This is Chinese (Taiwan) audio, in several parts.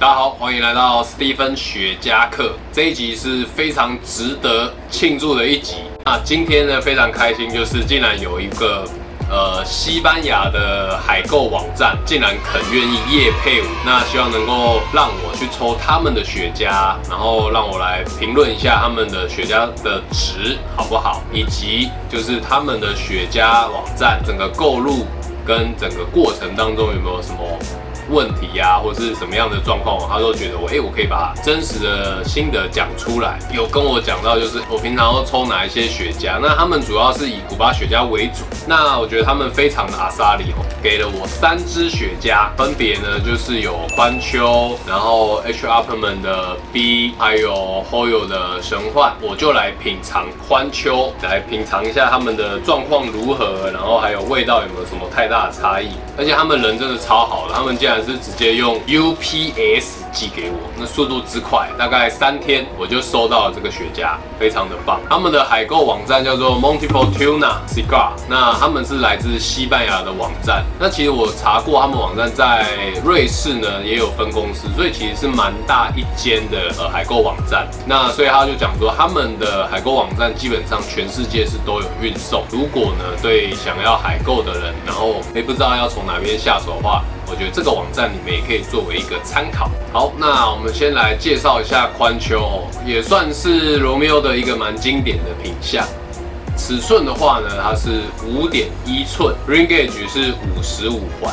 大家好，歡迎來到 Steven 雪茄客。這一集是非常值得慶祝的一集。那今天呢，非常開心，就是竟然有一個呃西班牙的海購網站竟然肯願意業配我，那希望能夠讓我去抽他們的雪茄，然後讓我來評論一下他們的雪茄的值好不好，以及就是他們的雪茄網站整個購入跟整個過程當中有沒有什麼。問題呀、啊，或者是什麼樣的狀況，他都覺得我，哎、欸，我可以把真實的心得講出來。有跟我講到，就是我平常都抽哪一些雪茄，那他們主要是以古巴雪茄為主。那我覺得他們非常的阿薩裡哦，給了我三支雪茄，分別呢就是有寬秋，然後 H Upmann 的 B，還有 Hoyo 的神幻，我就來品嘗寬秋，來品嘗一下他們的狀況如何，然後還有味道有沒有什麼太大的差異。而且他們人真的超好的，他們竟然。是直接用 UPS 寄給我，那速度之快，大概三天我就收到了這個雪茄，非常的棒。他們的海購網站叫做 Montefortuna Cigar，那他們是來自西班牙的網站。那其實我查過，他們網站在瑞士呢也有分公司，所以其實是蠻大一間的呃海購網站。那所以他就講說，他們的海購網站基本上全世界是都有運送。如果呢對想要海購的人，然後也不知道要從哪邊下手的話，我覺得這個網站裡面也可以作為一個參考。好，那我們先來介紹一下寬丘哦，也算是羅密歐的一個蠻經典的品項。尺寸的話呢，它是五點一寸，Ring Gauge 是五十五環。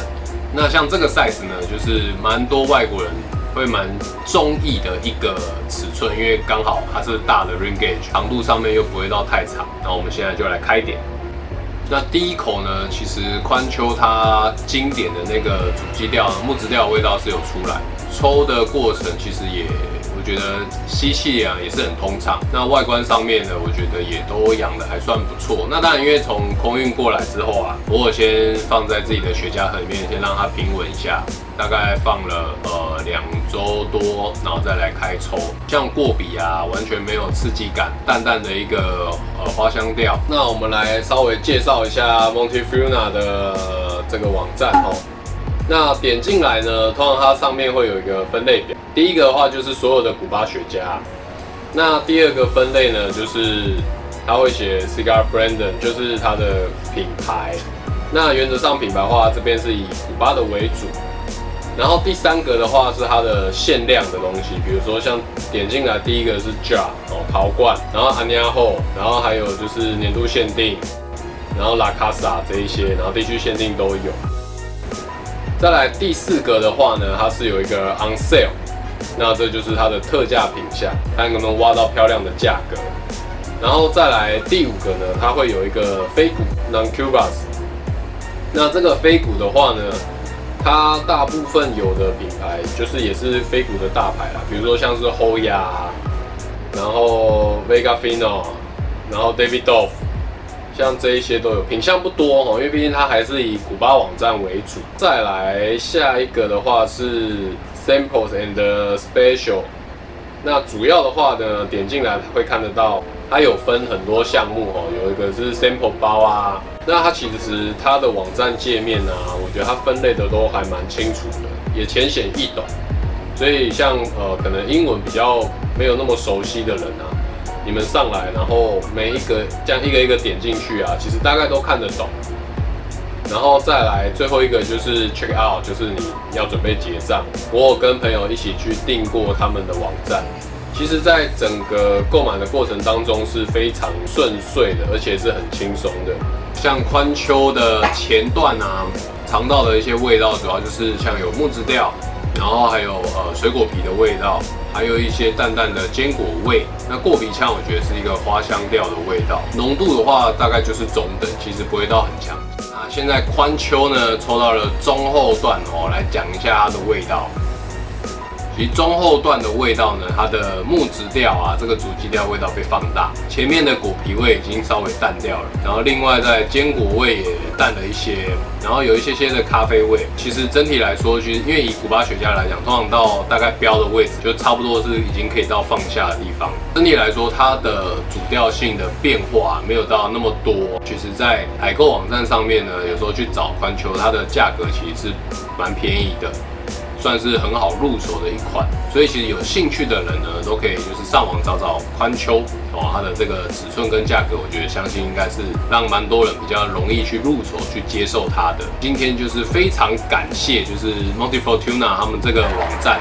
那像這個 size 呢，就是蠻多外國人會蠻中意的一個尺寸，因為剛好它是大的 Ring Gauge，長度上面又不會到太長。那我們現在就來開點。那第一口呢，其實寬丘它經典的那個主基調木質調味道是有出來，抽的過程其實也。覺得吸氣啊也是很通暢，那外觀上面呢，我覺得也都養得還算不錯。那當然，因為從空運過來之後啊，我先放在自己的雪茄盒裡面，先讓它平穩一下，大概放了呃兩週多，然後再來開抽。這樣過筆啊，完全沒有刺激感，淡淡的一個呃花香調。那我們來稍微介紹一下 Montefortuna 的這個網站哦。那點進來呢，通常它上面會有一個分類表。第一個的話就是所有的古巴雪茄，那第二個分類呢，就是它會寫 cigar brand，就是它的品牌。那原則上品牌的話，這邊是以古巴的為主。然後第三個的話是它的限量的東西，比如說像點進來第一個是 jar，哦陶罐，然後 Añejados，然後還有就是年度限定，然後 La Casa 這一些，然後地區限定都有。再來第四個的話呢，它是有一個 on sale，那這就是它的特價品項，看能不能挖到漂亮的價格。然後再來第五個呢，它會有一個非古 （non Cubas）。那這個非古的話呢，它大部分有的品牌就是也是非古的大牌啦，比如說像是 Hoya，然後 Vega fino，然後 Davidoff。像這一些都有，品項不多哈，因為畢竟它還是以古巴網站為主。再來下一個的話是 Samples and the Special，那主要的話呢，點進來會看得到，它有分很多項目哦。有一個是 Sample 包啊，那它其實它的網站界面啊，我覺得它分類的都還蠻清楚的，也淺顯易懂，所以像呃，可能英文比較沒有那麼熟悉的人啊。你們上來，然後每一個這樣一個一個點進去啊，其實大概都看得懂。然後再來最後一個就是 check out，就是你要準備結賬。我有跟朋友一起去訂過他們的網站，其實在整個購買的過程當中是非常順遂的，而且是很輕鬆的。像寬丘的前段啊，嘗到的一些味道，主要就是像有木質調，然後還有呃水果皮的味道。還有一些淡淡的堅果味，那過鼻腔我覺得是一個花香調的味道，濃度的話大概就是中等，其實不會到很強。那現在寬秋呢，抽到了中後段哦，來講一下它的味道。其中後段的味道呢，它的木質調啊，這個主基調味道被放大，前面的果皮味已經稍微淡掉了，然後另外在堅果味也淡了一些，然後有一些些的咖啡味。其實整體來說，其實因為以古巴雪茄來講，通常到大概標的位置，就差不多是已經可以到放下的地方。整體來說，它的主調性的變化啊，沒有到那麼多。其實，在海購網站上面呢，有時候去找環球，它的價格其實是蠻便宜的。算是很好入手的一款，所以其實有興趣的人呢，都可以就是上網找找寬丘哦，它的這個尺寸跟價格，我覺得相信應該是讓蠻多人比較容易去入手去接受它的。今天就是非常感謝，就是 Montefortuna 他們這個網站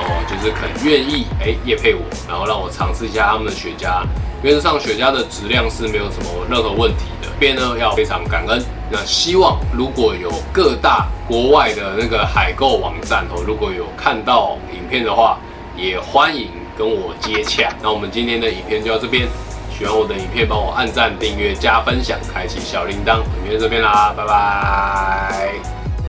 哦，就是很願意哎、欸、業配我，然後讓我嘗試一下他們的雪茄，原則上雪茄的質量是沒有什麼任何問題的，這邊呢要非常感恩。那希望如果有各大國外的那個海購網站哦，如果有看到影片的話，也歡迎跟我接洽。那我們今天的影片就到這邊，喜歡我的影片，幫我按讚、訂閱、加分享、開啟小鈴鐺。影片在這邊啦，拜拜。